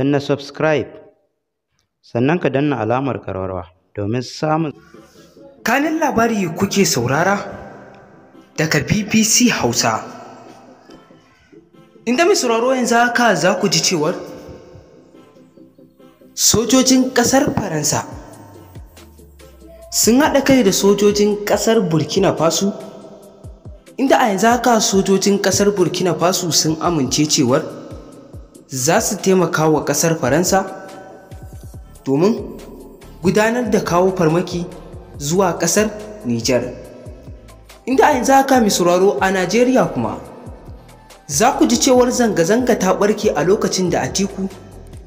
na subscribe sannan ka danna alamar karwarwa domin samun kanin labari kuke saurara daga bbc hausa inda mai sauraro yanzu haka za ku ji cewar sojojin ƙasar faransa sun haɗa kai da sojojin ƙasar burkina faso inda a yanzu haka sojojin ƙasar burkina faso sun amince cewar za su taimaka wa ƙasar faransa domin gudanar da kawo farmaki zuwa ƙasar nijar inda a yanzu haka mai sauraro a najeriya kuma za ku ji cewar zanga-zanga ta ɓarke a lokacin da atiku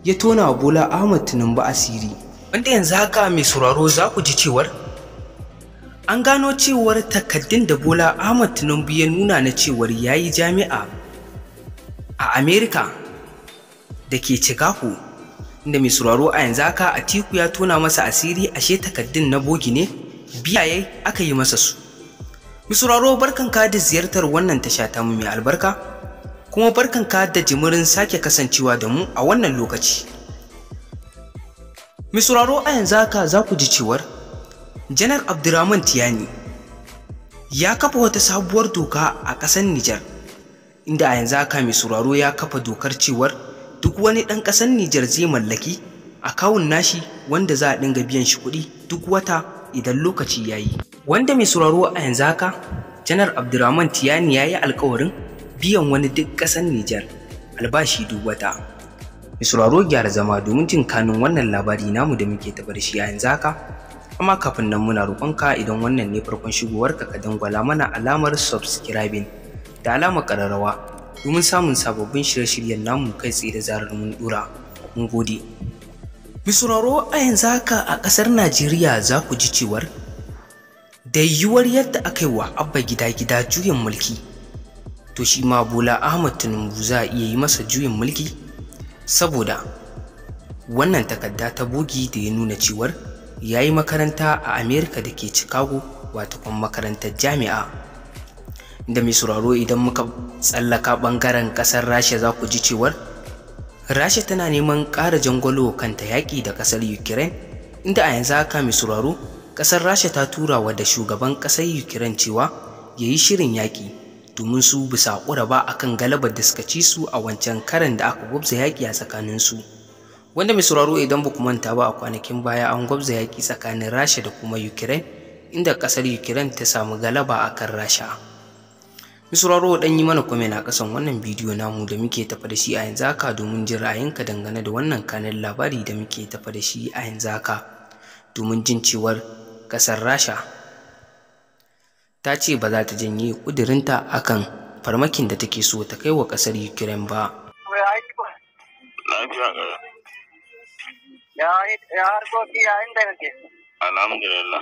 ya tona wa bola ahmad tinubu asiri wanda yanzu haka mai sauraro za ku ji cewar an gano cewar takaddun da bola ahmad tinubu ya nuna na cewar ya yi jami'a a amerika da ke Chicago inda mai sauraro a yanzu haka Atiku ya tona masa asiri ashe takaddun na bogi ne biyaye aka yi masa su. Mai sauraro barkanka da ziyartar wannan tasha ta mu mai albarka kuma barkanka da jimirin sake kasancewa da mu a wannan lokaci. Mai sauraro a yanzu haka za ku ji cewar Janar Abdurrahman Tiyani ya kafa wata sabuwar doka a ƙasar Nijar inda a yanzu haka mai sauraro ya kafa dokar cewar duk wani ɗan ƙasan Nijar zai mallaki akawun nashi wanda za a dinga biyan shi kuɗi duk wata idan lokaci ya yi. Wanda mai sauraro a yanzu haka, Janar Abdulrahman Tiyani ya yi alkawarin biyan wani duk ƙasar Nijar albashi duk wata. Mai sauraro gyara zama domin jin kanun wannan labari namu da muke tabar shi a yanzu haka. Amma kafin nan muna roƙonka idan wannan ne farkon shigowarka ka dangwala mana alamar subscribing da alamar ƙararrawa domin samun sababbin shirye-shiryen namu kai tsaye da zarar mun dura. mun gode misraro a yanzu haka a ƙasar najeriya za ku ji cewar da yiwuwar yadda aka yi wa abba gida gida juyin mulki to shi ma bola ahmad tinubu za a iya yi masa juyin mulki saboda wannan takarda ta bogi da ya nuna cewar ya yi makaranta a amerika da ke chicago watakon makarantar jami'a da mai sauraro idan muka tsallaka ɓangaren ƙasar rasha za ku ji cewar rasha tana neman ƙara jangwalo kanta yaƙi da ƙasar ukraine inda a yanzu haka mai sauraro ƙasar rasha ta tura wa da shugaban ƙasar ukraine cewa ya yi shirin yaƙi domin su bisa ƙura ba kan galabar da suka ci su a wancan karan da aka gwabza yaƙi a tsakanin su wanda mai sauraro idan ba ku manta ba a kwanakin baya an gwabza yaƙi tsakanin rasha da kuma ukraine inda ƙasar ukraine ta samu galaba a kan rasha misraro dan yi mana komen a ƙasan wannan bidiyo namu da muke tafa da shi a yanzu haka domin jin ra'ayinka dangane da wannan kanin labari da muke tafa da shi a yanzu haka domin jin cewar kasar Rasha ta ce ba za ta janye ƙudurinta akan farmakin da take so ta kai wa ƙasar Ukraine ba. Alhamdulillah.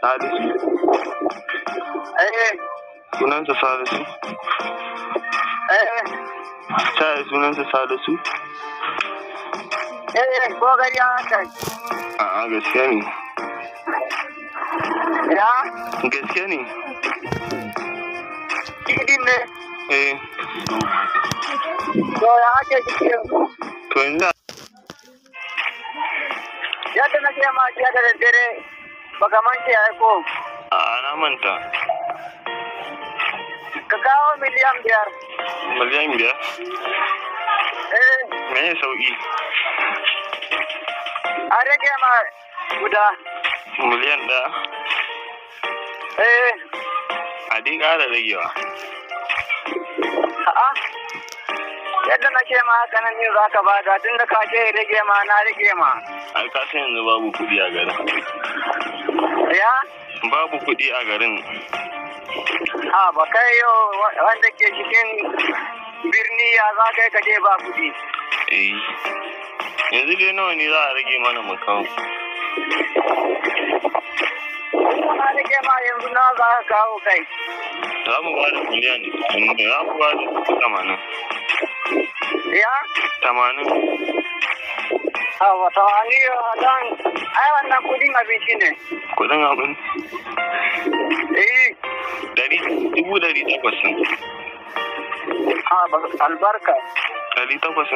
Salisu. Sunansa Salisu. Sai sunansa Salisu. Eh, eh. eh, eh. ko gari sai. A'a gaske ne. Ya? Gaske ne. Kidin ne. Eh. To ya ake cikin. To yanzu. Yadda na ce ma jiya da dare. baka mance ya ko a na manta ka kawo miliyan biyar miliyan biyar eh me ne sauki a rage ma guda miliyan ɗaya eh a din da ragewa a'a yadda na ce ma haka nan yin zaka ba da tun da ka ce rage ma na rage ma ai ka san yanzu babu kuɗi a garin ya babu kuɗi a garin a ba kai yau wanda ke cikin birni ya za kai ka je ba kuɗi eh yanzu dai nawa ne za a rage mana mu kuma na ke ma yanzu na za ka kawo kai za mu tamanin kudin abinci ne. abin? Eh. Dari, dubu dari takwas albarka. Dari takwas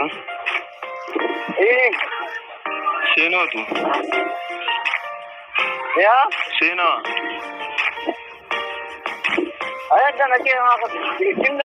Eh. Sai nawa to? Yo? Sino? Ayan, nakikita ako.